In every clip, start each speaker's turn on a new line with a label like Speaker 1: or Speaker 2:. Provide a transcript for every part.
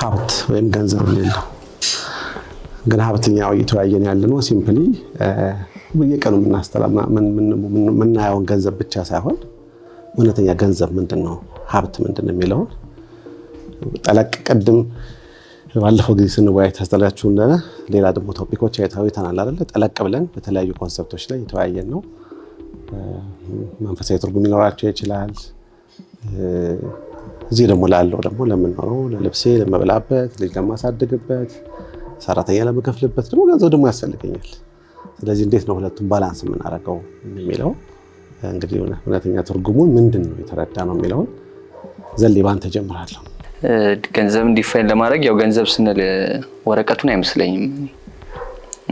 Speaker 1: ሀብት ወይም ገንዘብ የሌለው ግን ሀብትኛው እየተወያየን ያለ ነው ሲምፕሊ በየቀኑ የምናየውን ገንዘብ ብቻ ሳይሆን እውነተኛ ገንዘብ ምንድን ነው፣ ሀብት ምንድን ነው የሚለውን ጠለቅ ቅድም ባለፈው ጊዜ ስንወያይ ታስተላችሁ እንደሆነ ሌላ ደግሞ ቶፒኮች ተናል አይደለ? ጠለቅ ብለን በተለያዩ ኮንሰፕቶች ላይ የተወያየን ነው። መንፈሳዊ ትርጉም ሊኖራቸው ይችላል። እዚህ ደግሞ ላለው ደግሞ ለምኖረው ለልብሴ፣ ለመብላበት፣ ልጅ ለማሳደግበት፣ ሰራተኛ ለመከፍልበት ደግሞ ገንዘብ ደግሞ ያስፈልገኛል። ስለዚህ እንዴት ነው ሁለቱም ባላንስ የምናደርገው የሚለው እንግዲህ እውነተኛ ትርጉሙ ምንድን ነው የተረዳ ነው የሚለውን ዘሌ ባንተ ጀምራለሁ።
Speaker 2: ገንዘብ እንዲፋይን ለማድረግ ያው ገንዘብ ስንል ወረቀቱን አይመስለኝም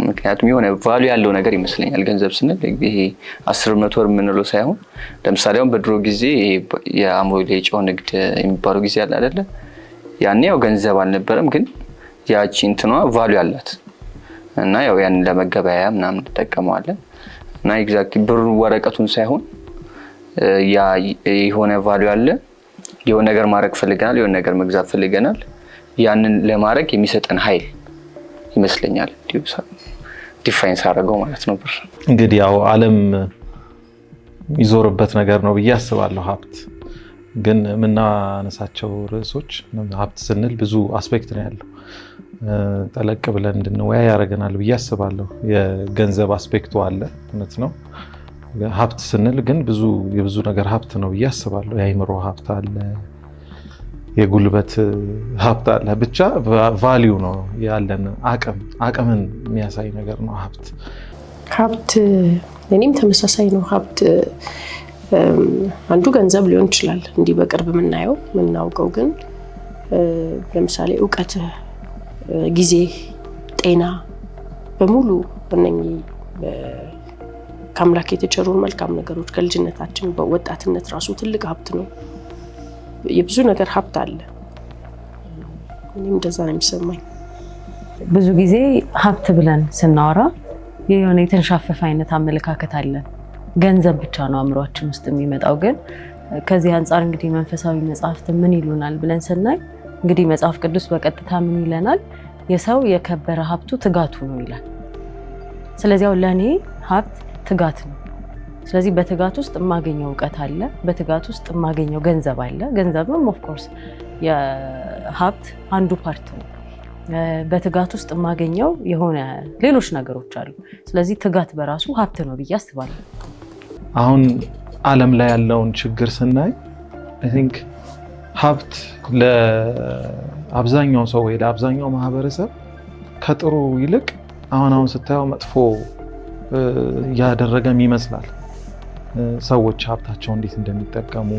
Speaker 2: ምክንያቱም የሆነ ቫሉ ያለው ነገር ይመስለኛል። ገንዘብ ስንል ይሄ አስር መቶ ወር የምንለው ሳይሆን ለምሳሌ አሁን በድሮ ጊዜ የአሞሌ ጨው ንግድ የሚባለው ጊዜ አለ አይደለ? ያኔ ያው ገንዘብ አልነበረም፣ ግን ያቺ እንትኗ ቫሉ ያላት እና ያው ያንን ለመገበያያ ምናምን እንጠቀመዋለን እና ኤግዛክት ብሩ ወረቀቱን ሳይሆን የሆነ ቫሉ አለ፣ የሆነ ነገር ማድረግ ፈልገናል፣ የሆነ ነገር መግዛት ፈልገናል። ያንን ለማድረግ የሚሰጠን ኃይል ይመስለኛል። ዲፋይንስ ሳደረገው ማለት ነበር።
Speaker 1: እንግዲህ ያው አለም የሚዞርበት ነገር ነው ብዬ አስባለሁ። ሀብት ግን የምናነሳቸው ርዕሶች ሀብት ስንል ብዙ አስፔክት ነው ያለው። ጠለቅ ብለን እንድንወያይ ያደርገናል ብዬ አስባለሁ። የገንዘብ አስፔክቱ አለ እውነት ነው። ሀብት ስንል ግን ብዙ የብዙ ነገር ሀብት ነው ብዬ አስባለሁ። የአይምሮ ሀብት አለ የጉልበት ሀብት አለ። ብቻ ቫሊዩ ነው ያለን አቅም አቅምን የሚያሳይ ነገር ነው ሀብት።
Speaker 3: ሀብት እኔም ተመሳሳይ ነው። ሀብት አንዱ ገንዘብ ሊሆን ይችላል፣ እንዲህ በቅርብ የምናየው የምናውቀው። ግን ለምሳሌ እውቀት፣ ጊዜ፣ ጤና በሙሉ እነኚህ ከአምላክ የተቸሩን መልካም ነገሮች ከልጅነታችን በወጣትነት ራሱ ትልቅ ሀብት ነው። የብዙ ነገር ሀብት አለ። እኔም እንደዛ ነው የሚሰማኝ።
Speaker 4: ብዙ ጊዜ ሀብት ብለን ስናወራ የሆነ የተንሻፈፈ አይነት አመለካከት አለን። ገንዘብ ብቻ ነው አእምሯችን ውስጥ የሚመጣው። ግን ከዚህ አንጻር እንግዲህ መንፈሳዊ መጽሐፍት ምን ይሉናል ብለን ስናይ እንግዲህ መጽሐፍ ቅዱስ በቀጥታ ምን ይለናል? የሰው የከበረ ሀብቱ ትጋቱ ነው ይላል። ስለዚያው ለእኔ ሀብት ትጋት ነው። ስለዚህ በትጋት ውስጥ የማገኘው እውቀት አለ፣ በትጋት ውስጥ የማገኘው ገንዘብ አለ። ገንዘብም ኦፍኮርስ የሀብት አንዱ ፓርት ነው። በትጋት ውስጥ የማገኘው የሆነ ሌሎች ነገሮች አሉ። ስለዚህ ትጋት በራሱ ሀብት ነው ብዬ አስባለሁ።
Speaker 1: አሁን ዓለም ላይ ያለውን ችግር ስናይ አይ ቲንክ ሀብት ለአብዛኛው ሰው ወይ ለአብዛኛው ማህበረሰብ ከጥሩ ይልቅ አሁን አሁን ስታየው መጥፎ እያደረገም ይመስላል። ሰዎች ሀብታቸው እንዴት እንደሚጠቀሙ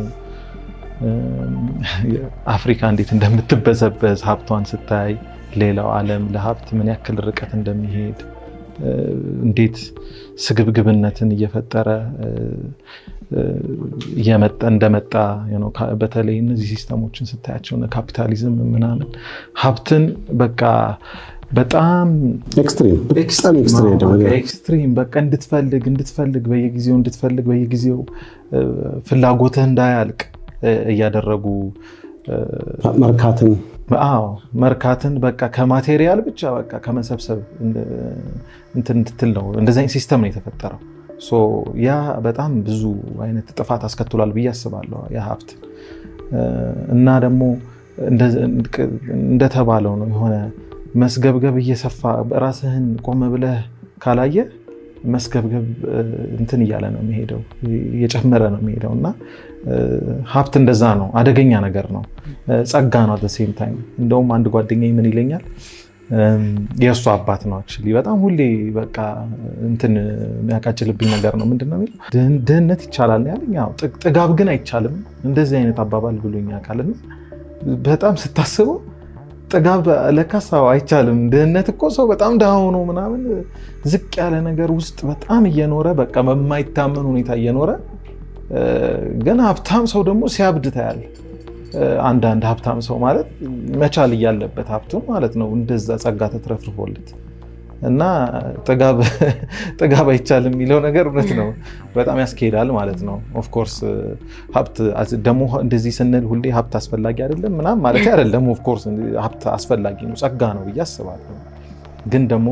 Speaker 1: አፍሪካ እንዴት እንደምትበዘበዝ ሀብቷን ስታይ ሌላው ዓለም ለሀብት ምን ያክል ርቀት እንደሚሄድ እንዴት ስግብግብነትን እየፈጠረ እንደመጣ በተለይ እነዚህ ሲስተሞችን ስታያቸው ካፒታሊዝም ምናምን ሀብትን በቃ በጣም ኤክስትሪም በቃ እንድትፈልግ እንድትፈልግ በየጊዜው እንድትፈልግ በየጊዜው ፍላጎትህ እንዳያልቅ እያደረጉ መርካትን መርካትን በቃ ከማቴሪያል ብቻ በቃ ከመሰብሰብ እንትን እንድትል ነው። እንደዚ አይነት ሲስተም ነው የተፈጠረው። ያ በጣም ብዙ አይነት ጥፋት አስከትሏል ብዬ አስባለሁ። ያ ሀብት እና ደግሞ እንደተባለው ነው የሆነ መስገብገብ እየሰፋ ራስህን ቆም ብለህ ካላየ መስገብገብ እንትን እያለ ነው የሚሄደው፣ እየጨመረ ነው የሚሄደው እና ሀብት እንደዛ ነው። አደገኛ ነገር ነው፣ ጸጋ ነው። ሴም ታይም እንደውም አንድ ጓደኛ ምን ይለኛል፣ የእሱ አባት ነው አክቹዋሊ በጣም ሁሌ በቃ እንትን የሚያቃጭልብኝ ነገር ነው። ምንድን ነው የሚለው ድህነት ይቻላል ያለኝ፣ ጥጋብ ግን አይቻልም እንደዚህ አይነት አባባል ብሎኛ ቃልና በጣም ስታስበው ጥጋብ ለከሳው አይቻልም። ድህነት እኮ ሰው በጣም ድሃ ሆኖ ምናምን ዝቅ ያለ ነገር ውስጥ በጣም እየኖረ በቃ በማይታመን ሁኔታ እየኖረ ግን ሀብታም ሰው ደግሞ ሲያብድ ታያለ። አንዳንድ ሀብታም ሰው ማለት መቻል እያለበት ሀብቱን ማለት ነው እንደዛ ጸጋ ተትረፍርፎለት እና ጥጋብ አይቻልም የሚለው ነገር እውነት ነው። በጣም ያስኬዳል ማለት ነው። ኦፍኮርስ ሀብት ደግሞ እንደዚህ ስንል ሁሌ ሀብት አስፈላጊ አይደለም ምናምን ማለት አይደለም። ኦፍኮርስ ሀብት አስፈላጊ ነው፣ ጸጋ ነው ብዬ አስባለሁ። ግን ደግሞ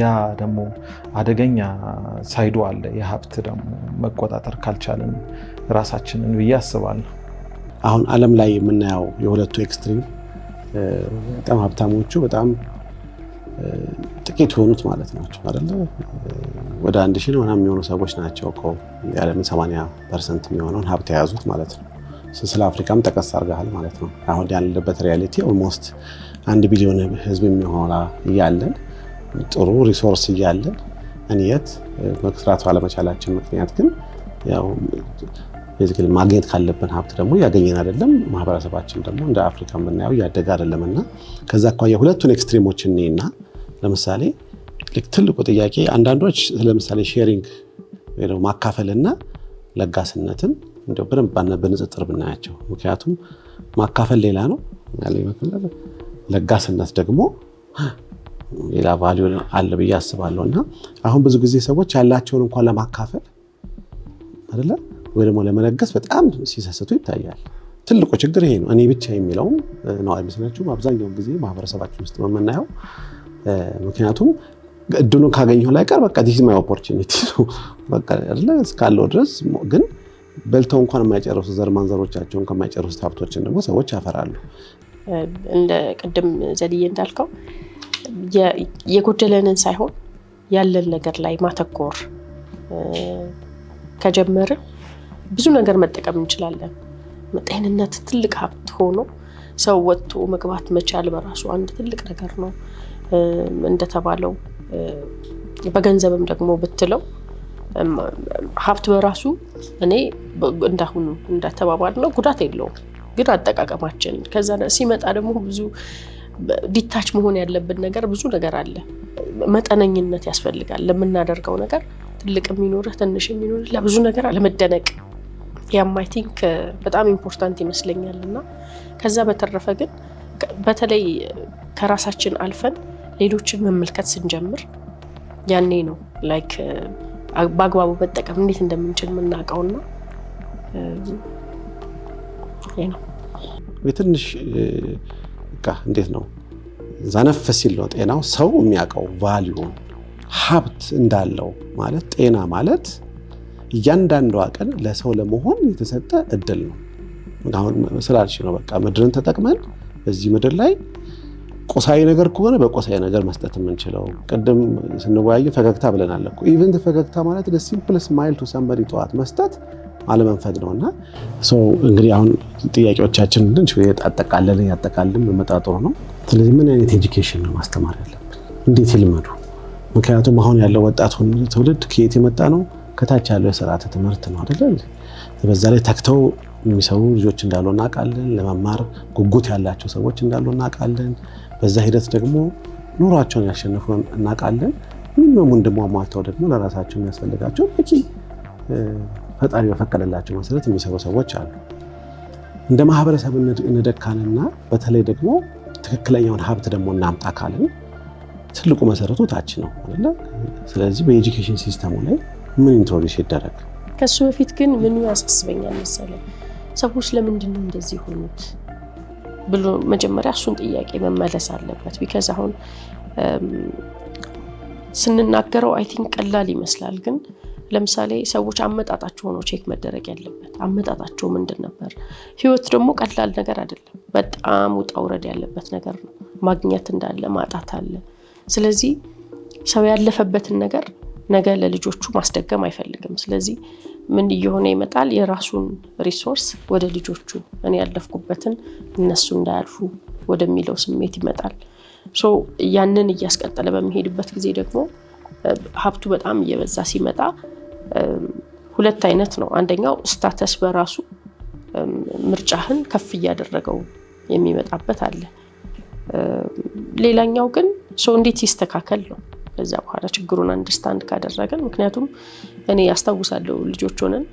Speaker 1: ያ ደግሞ አደገኛ ሳይዶ አለ። የሀብት ደግሞ መቆጣጠር ካልቻለን ራሳችንን ብዬ አስባለሁ። አሁን አለም ላይ የምናየው የሁለቱ ኤክስትሪም በጣም ሀብታሞቹ በጣም ጥቂት የሆኑት ማለት ናቸው አይደለ? ወደ አንድ ሺህ ምናምን የሚሆኑ ሰዎች ናቸው እኮ የዓለምን 80 ፐርሰንት የሚሆነውን ሀብት የያዙት ማለት ነው። ስለ አፍሪካም ጠቀስ አድርገሃል ማለት ነው። አሁን ያለበት ሪያሊቲ ኦልሞስት አንድ ቢሊዮን ህዝብ የሚሆና እያለን ጥሩ ሪሶርስ እያለን እንየት መስራት ባለመቻላችን ምክንያት ግን ያው ቤዚካሊ ማግኘት ካለብን ሀብት ደግሞ ያገኘን አይደለም። ማህበረሰባችን ደግሞ እንደ አፍሪካ የምናየው እያደገ አይደለም እና ከዛ አኳያ ሁለቱን ኤክስትሪሞች እኔና ለምሳሌ ትልቁ ጥያቄ አንዳንዶች ለምሳሌ ሼሪንግ ወይ ማካፈልና ለጋስነትን እንደው በደንብ በንጽጥር ብናያቸው፣ ምክንያቱም ማካፈል ሌላ ነው፣ ለጋስነት ደግሞ ሌላ ቫሊዩ አለ ብዬ አስባለሁ እና አሁን ብዙ ጊዜ ሰዎች ያላቸውን እንኳን ለማካፈል አይደለም ወይ ደግሞ ለመለገስ በጣም ሲሰስቱ ይታያል። ትልቁ ችግር ይሄ ነው። እኔ ብቻ የሚለውም ነው አይመስላችሁም? አብዛኛውን ጊዜ ማህበረሰባችን ውስጥ የምናየው ምክንያቱም እድሉን ካገኘሁ ላይ ቀር በቃ ዲስ ማይ ኦፖርቹኒቲ እስካለው ድረስ ግን በልተው እንኳን የማይጨርሱ ዘር ማንዘሮቻቸውን ሀብቶችን ደግሞ ሰዎች ያፈራሉ።
Speaker 3: እንደ ቅድም ዘልዬ እንዳልከው የጎደለንን ሳይሆን ያለን ነገር ላይ ማተኮር ከጀመርን ብዙ ነገር መጠቀም እንችላለን። ጤንነት ትልቅ ሀብት ሆኖ ሰው ወጥቶ መግባት መቻል በራሱ አንድ ትልቅ ነገር ነው። እንደተባለው በገንዘብም ደግሞ ብትለው ሀብት በራሱ እኔ እንዳሁኑ እንደተባባል ነው ጉዳት የለውም። ግን አጠቃቀማችን ከዛ ሲመጣ ደግሞ ብዙ ዲታች መሆን ያለብን ነገር ብዙ ነገር አለ። መጠነኝነት ያስፈልጋል ለምናደርገው ነገር ትልቅ የሚኖርህ ትንሽ የሚኖርህ ለብዙ ነገር አለመደነቅ ያም አይ ቲንክ uh, በጣም ኢምፖርታንት ይመስለኛል። እና ከዛ በተረፈ ግን በተለይ uh, ከራሳችን አልፈን ሌሎችን መመልከት ስንጀምር ያኔ ነው ላይክ uh, በአግባቡ መጠቀም እንዴት እንደምንችል የምናውቀውና
Speaker 1: ነው የትንሽ በቃ እንዴት ነው ዛነፍ ሲል ነው ጤናው ሰው የሚያውቀው ቫሊዩን ሀብት እንዳለው ማለት ጤና ማለት እያንዳንዷ ቀን ለሰው ለመሆን የተሰጠ እድል ነው። አሁን ስላልሽ ነው በቃ ምድርን ተጠቅመን በዚህ ምድር ላይ ቁሳዊ ነገር ከሆነ በቁሳዊ ነገር መስጠት የምንችለው። ቅድም ስንወያየ ፈገግታ ብለናል እኮ ኢቨን ፈገግታ ማለት ሲምፕል ስማይል ቱ ሰምበዲ ጠዋት መስጠት አለመንፈግ ነው። እና እንግዲህ አሁን ጥያቄዎቻችን አጠቃለልን ያጠቃልን መመጣጥሩ ነው። ስለዚህ ምን አይነት ኤጁኬሽን ነው ማስተማር ያለብን? እንዴት ይልመዱ? ምክንያቱም አሁን ያለው ወጣቱን ትውልድ ከየት የመጣ ነው? ከታች ያለው የስርዓተ ትምህርት ነው አይደለ? በዛ ላይ ተክተው የሚሰሩ ልጆች እንዳሉ እናውቃለን። ለመማር ጉጉት ያላቸው ሰዎች እንዳሉ እናውቃለን። በዛ ሂደት ደግሞ ኑሯቸውን ያሸንፉ እናውቃለን። ሚኒመም እንደሟሟተው ደግሞ ለራሳቸው የሚያስፈልጋቸው በቂ ፈጣሪ በፈቀደላቸው መሰረት የሚሰሩ ሰዎች አሉ። እንደ ማህበረሰብ እንደካንና በተለይ ደግሞ ትክክለኛውን ሀብት ደግሞ እናምጣ ትልቁ መሰረቱ ታች ነው አይደለ? ስለዚህ በኤጁኬሽን ሲስተሙ ላይ ምን ኢንትሮዲስ ይደረግ።
Speaker 3: ከሱ በፊት ግን ምኑ ያሳስበኛል መሰለ ሰዎች ለምንድን ነው እንደዚህ ሆኑት ብሎ መጀመሪያ እሱን ጥያቄ መመለስ አለበት። ቢከዝ አሁን ስንናገረው አይ ቲንክ ቀላል ይመስላል፣ ግን ለምሳሌ ሰዎች አመጣጣቸው ነው ቼክ መደረግ ያለበት። አመጣጣቸው ምንድን ነበር? ህይወት ደግሞ ቀላል ነገር አይደለም። በጣም ውጣ ውረድ ያለበት ነገር ነው። ማግኘት እንዳለ ማጣት አለ። ስለዚህ ሰው ያለፈበትን ነገር ነገ ለልጆቹ ማስደገም አይፈልግም። ስለዚህ ምን እየሆነ ይመጣል? የራሱን ሪሶርስ ወደ ልጆቹ እኔ ያለፍኩበትን እነሱ እንዳያልፉ ወደሚለው ስሜት ይመጣል። ሶ ያንን እያስቀጠለ በሚሄድበት ጊዜ ደግሞ ሀብቱ በጣም እየበዛ ሲመጣ ሁለት አይነት ነው። አንደኛው ስታተስ በራሱ ምርጫህን ከፍ እያደረገው የሚመጣበት አለ። ሌላኛው ግን ሰው እንዴት ይስተካከል ነው። ከዛ በኋላ ችግሩን አንደርስታንድ ካደረገን፣ ምክንያቱም እኔ ያስታውሳለሁ ልጆች ሆነን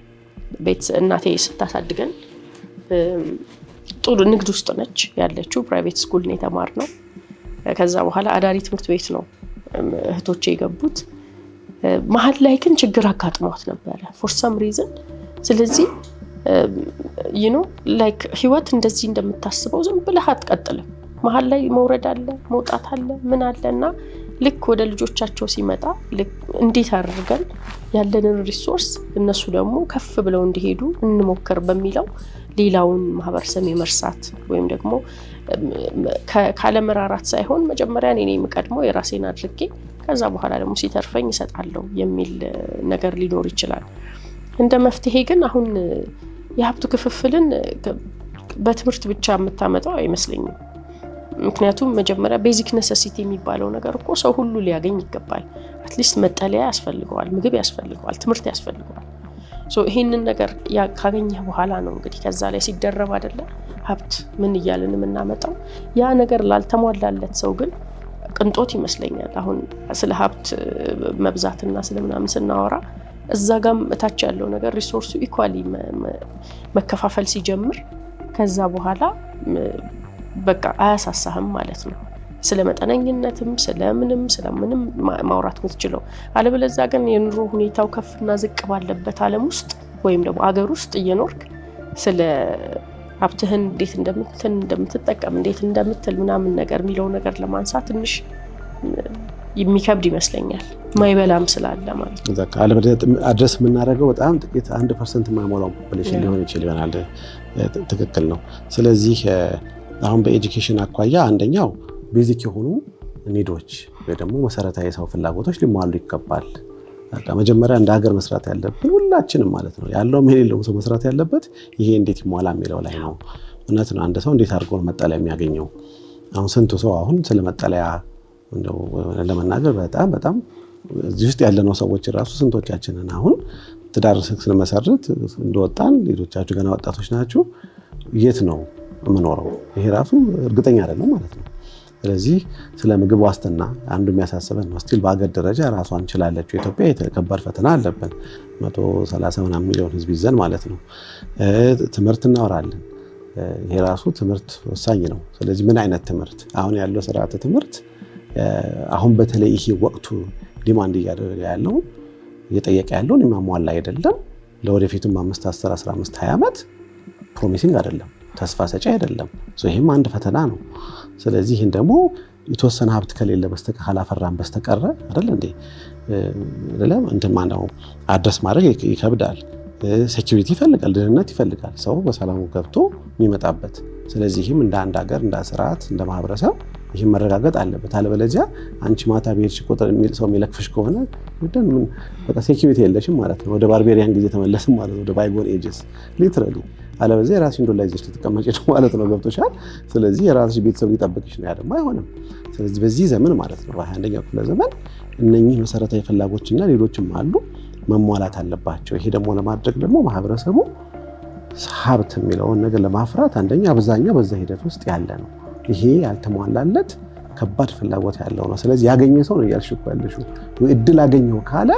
Speaker 3: ቤት እናቴ ስታሳድገን ጥሩ ንግድ ውስጥ ነች ያለችው። ፕራይቬት ስኩል ነው የተማርነው። ከዛ በኋላ አዳሪ ትምህርት ቤት ነው እህቶቼ የገቡት። መሀል ላይ ግን ችግር አጋጥሟት ነበረ ፎር ሰም ሪዝን። ስለዚህ ዩኖ ላይክ ህይወት እንደዚህ እንደምታስበው ዝም ብለህ አትቀጥልም። መሀል ላይ መውረድ አለ፣ መውጣት አለ፣ ምን አለ እና ልክ ወደ ልጆቻቸው ሲመጣ እንዴት አድርገን ያለንን ሪሶርስ እነሱ ደግሞ ከፍ ብለው እንዲሄዱ እንሞክር በሚለው ሌላውን ማህበረሰብ የመርሳት ወይም ደግሞ ካለመራራት ሳይሆን መጀመሪያ እኔ የምቀድመው የራሴን አድርጌ ከዛ በኋላ ደግሞ ሲተርፈኝ እሰጣለሁ የሚል ነገር ሊኖር ይችላል። እንደ መፍትሄ ግን አሁን የሀብቱ ክፍፍልን በትምህርት ብቻ የምታመጣው አይመስለኝም። ምክንያቱም መጀመሪያ ቤዚክ ነሰሲቲ የሚባለው ነገር እኮ ሰው ሁሉ ሊያገኝ ይገባል። አትሊስት መጠለያ ያስፈልገዋል፣ ምግብ ያስፈልገዋል፣ ትምህርት ያስፈልገዋል። ይህንን ነገር ካገኘህ በኋላ ነው እንግዲህ ከዛ ላይ ሲደረብ አይደለ ሀብት ምን እያልን የምናመጣው። ያ ነገር ላልተሟላለት ሰው ግን ቅንጦት ይመስለኛል። አሁን ስለ ሀብት መብዛትና ስለምናምን ስናወራ እዛ ጋም እታች ያለው ነገር ሪሶርሱ ኢኳሊ መከፋፈል ሲጀምር ከዛ በኋላ በቃ አያሳሳህም ማለት ነው። ስለ መጠነኝነትም ስለምንም ስለምንም ማውራት የምትችለው አለበለዛ ግን የኑሮ ሁኔታው ከፍና ዝቅ ባለበት ዓለም ውስጥ ወይም ደግሞ አገር ውስጥ እየኖርክ ስለ ሀብትህን እንዴት እንደምትን እንደምትጠቀም እንዴት እንደምትል ምናምን ነገር የሚለው ነገር ለማንሳት ትንሽ የሚከብድ ይመስለኛል። ማይበላም ስላለ
Speaker 1: ማለት አድረስ የምናደርገው በጣም ጥቂት አንድ ፐርሰንት የማይሞላው ፖፕሌሽን ሊሆን ይችል ይሆናል። ትክክል ነው። ስለዚህ አሁን በኤጁኬሽን አኳያ አንደኛው ቤዚክ የሆኑ ኒዶች ወይ ደግሞ መሰረታዊ የሰው ፍላጎቶች ሊሟሉ ይገባል። መጀመሪያ እንደ ሀገር መስራት ያለብን ሁላችንም ማለት ነው ያለውም የሌለውም ሰው መስራት ያለበት ይሄ እንዴት ይሟላ የሚለው ላይ ነው። እውነት ነው። አንድ ሰው እንዴት አድርጎ መጠለያ የሚያገኘው? አሁን ስንቱ ሰው አሁን ስለ መጠለያ ለመናገር በጣም በጣም እዚህ ውስጥ ያለነው ሰዎች ራሱ ስንቶቻችንን አሁን ትዳር ስንመሰርት እንደወጣን ሌሎቻችሁ ገና ወጣቶች ናችሁ የት ነው የምኖረው? ይሄ ራሱ እርግጠኛ አይደለም ማለት ነው። ስለዚህ ስለ ምግብ ዋስትና አንዱ የሚያሳስበን ነው። ስቲል በአገር ደረጃ ራሷን ችላለችው ኢትዮጵያ ከባድ ፈተና አለብን። መቶ ምናምን ሚሊዮን ህዝብ ይዘን ማለት ነው። ትምህርት እናወራለን። ይሄ ራሱ ትምህርት ወሳኝ ነው። ስለዚህ ምን አይነት ትምህርት አሁን ያለው ስርዓተ ትምህርት አሁን በተለይ ይሄ ወቅቱ ዲማንድ እያደረገ ያለው እየጠየቀ ያለውን የማሟላ አይደለም። ለወደፊቱም አምስት አስር አስራ አምስት ሀያ ዓመት ፕሮሚሲንግ አይደለም። ተስፋ ሰጪ አይደለም። ይህም አንድ ፈተና ነው። ስለዚህ ይህን ደግሞ የተወሰነ ሀብት ከሌለ በስተቀር ካላፈራን በስተቀረ አይደል እንዴ አይደለም እንትን ማነው አድረስ ማድረግ ይከብዳል። ሴኪሪቲ ይፈልጋል፣ ደህንነት ይፈልጋል፣ ሰው በሰላሙ ገብቶ የሚመጣበት። ስለዚህም እንደ አንድ ሀገር፣ እንደ ስርዓት፣ እንደ ማህበረሰብ ይህም መረጋገጥ አለበት። አለበለዚያ አንቺ ማታ ብሄድሽ ቁጥር የሚል ሰው የሚለክፍሽ ከሆነ ደን ሴኪሪቲ የለሽም ማለት ነው። ወደ ባርቤሪያን ጊዜ ተመለስም ማለት ነው። ወደ ባይጎን ኤጅስ ሊትራሊ አለበዚያ የራስሽ ዶላ ይዘሽ ልትቀመጪ ነው ማለት ነው። ገብቶሻል። ስለዚህ የራስሽ ቤተሰብ ሊጠብቅሽ ነው። ያ ደግሞ አይሆንም። ስለዚህ በዚህ ዘመን ማለት ነው በሃያ አንደኛው ክፍለ ዘመን እነኚህ መሰረታዊ ፍላጎችና ሌሎችም አሉ መሟላት አለባቸው። ይሄ ደግሞ ለማድረግ ደግሞ ማህበረሰቡ ሀብት የሚለውን ነገር ለማፍራት አንደኛ አብዛኛው በዛ ሂደት ውስጥ ያለ ነው። ይሄ ያልተሟላለት ከባድ ፍላጎት ያለው ነው። ስለዚህ ያገኘ ሰው ነው እያልሽ እኮ ያለሽው። እድል አገኘው ካለ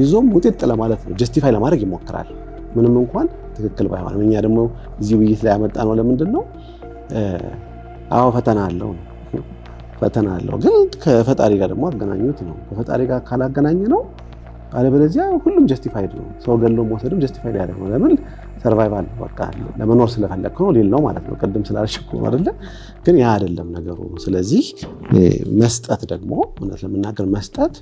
Speaker 1: ይዞም ውጤጥ ለማለት ነው ጀስቲፋይ ለማድረግ ይሞክራል። ምንም እንኳን ትክክል ባይሆንም እኛ ደግሞ እዚህ ውይይት ላይ ያመጣ ነው። ለምንድን ነው? አዎ ፈተና አለው ፈተና አለው፣ ግን ከፈጣሪ ጋር ደግሞ አገናኙት ነው። ከፈጣሪ ጋር ካላገናኘ ነው። አለበለዚያ ሁሉም ጀስቲፋይድ ነው። ሰው ገሎ መውሰድም ጀስቲፋይድ ያደርግ ነው። ለምን ሰርቫይቫል በቃ ለመኖር ስለፈለግ ነው ሌል ነው ማለት ነው። ቅድም ስላልሽኩ አደለ፣ ግን ያ አደለም ነገሩ። ስለዚህ መስጠት ደግሞ እውነት ለመናገር መስጠት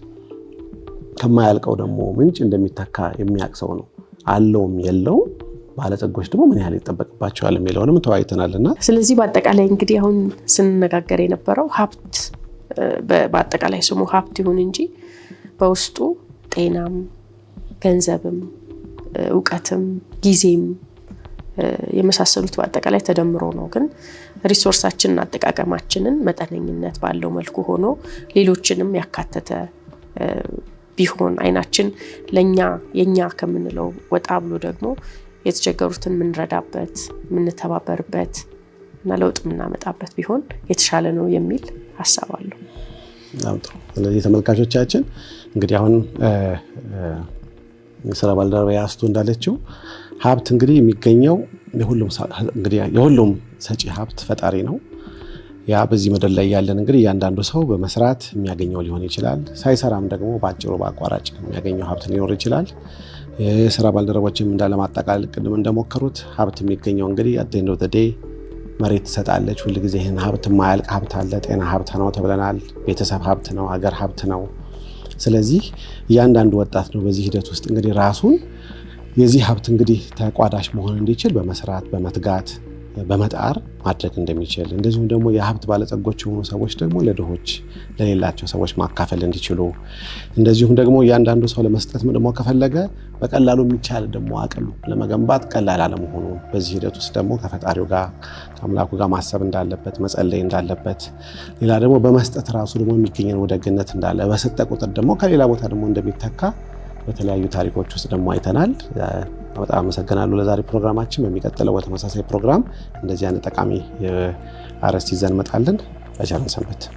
Speaker 1: ከማያልቀው ደግሞ ምንጭ እንደሚተካ የሚያቅሰው ሰው ነው። አለውም የለውም ባለጸጎች ደግሞ ምን ያህል ይጠበቅባቸዋል የሚለውንም ተወያይተናል
Speaker 3: ስለዚህ በአጠቃላይ እንግዲህ አሁን ስንነጋገር የነበረው ሀብት በአጠቃላይ ስሙ ሀብት ይሁን እንጂ በውስጡ ጤናም፣ ገንዘብም፣ እውቀትም፣ ጊዜም የመሳሰሉት በአጠቃላይ ተደምሮ ነው። ግን ሪሶርሳችንን አጠቃቀማችንን መጠነኝነት ባለው መልኩ ሆኖ ሌሎችንም ያካተተ ቢሆን አይናችን ለእኛ የእኛ ከምንለው ወጣ ብሎ ደግሞ የተቸገሩትን የምንረዳበት የምንተባበርበት እና ለውጥ የምናመጣበት ቢሆን የተሻለ ነው የሚል ሀሳብ አለው።
Speaker 1: ስለዚህ ተመልካቾቻችን እንግዲህ አሁን የስራ ባልደረባ ያስቶ እንዳለችው ሀብት እንግዲህ የሚገኘው የሁሉም ሰጪ ሀብት ፈጣሪ ነው። ያ በዚህ ምድር ላይ ያለን እንግዲህ እያንዳንዱ ሰው በመስራት የሚያገኘው ሊሆን ይችላል። ሳይሰራም ደግሞ በአጭሩ በአቋራጭ የሚያገኘው ሀብት ሊኖር ይችላል። የስራ ባልደረቦችም እንዳለማጠቃለል ቅድም እንደሞከሩት ሀብት የሚገኘው እንግዲህ አቴንዶ ተዴ መሬት ትሰጣለች። ሁልጊዜ ይህን ሀብት ማያልቅ ሀብት አለ። ጤና ሀብት ነው ተብለናል። ቤተሰብ ሀብት ነው። ሀገር ሀብት ነው። ስለዚህ እያንዳንዱ ወጣት ነው በዚህ ሂደት ውስጥ እንግዲህ ራሱን የዚህ ሀብት እንግዲህ ተቋዳሽ መሆን እንዲችል በመስራት በመትጋት በመጣር ማድረግ እንደሚችል እንደዚሁም ደግሞ የሀብት ባለጸጎች የሆኑ ሰዎች ደግሞ ለድሆች ለሌላቸው ሰዎች ማካፈል እንዲችሉ እንደዚሁም ደግሞ እያንዳንዱ ሰው ለመስጠት ደግሞ ከፈለገ በቀላሉ የሚቻል ደግሞ አቅም ለመገንባት ቀላል አለመሆኑ በዚህ ሂደት ውስጥ ደግሞ ከፈጣሪው ጋር ከአምላኩ ጋር ማሰብ እንዳለበት መጸለይ እንዳለበት፣ ሌላ ደግሞ በመስጠት ራሱ ደግሞ የሚገኘን ወደግነት እንዳለ በሰጠ ቁጥር ደግሞ ከሌላ ቦታ ደግሞ እንደሚተካ በተለያዩ ታሪኮች ውስጥ ደግሞ አይተናል። በጣም አመሰግናለሁ። ለዛሬ ፕሮግራማችን በሚቀጥለው በተመሳሳይ ፕሮግራም እንደዚህ አይነት ጠቃሚ አርዕስት ይዘን እንመጣለን። በቻለን ሰንበት።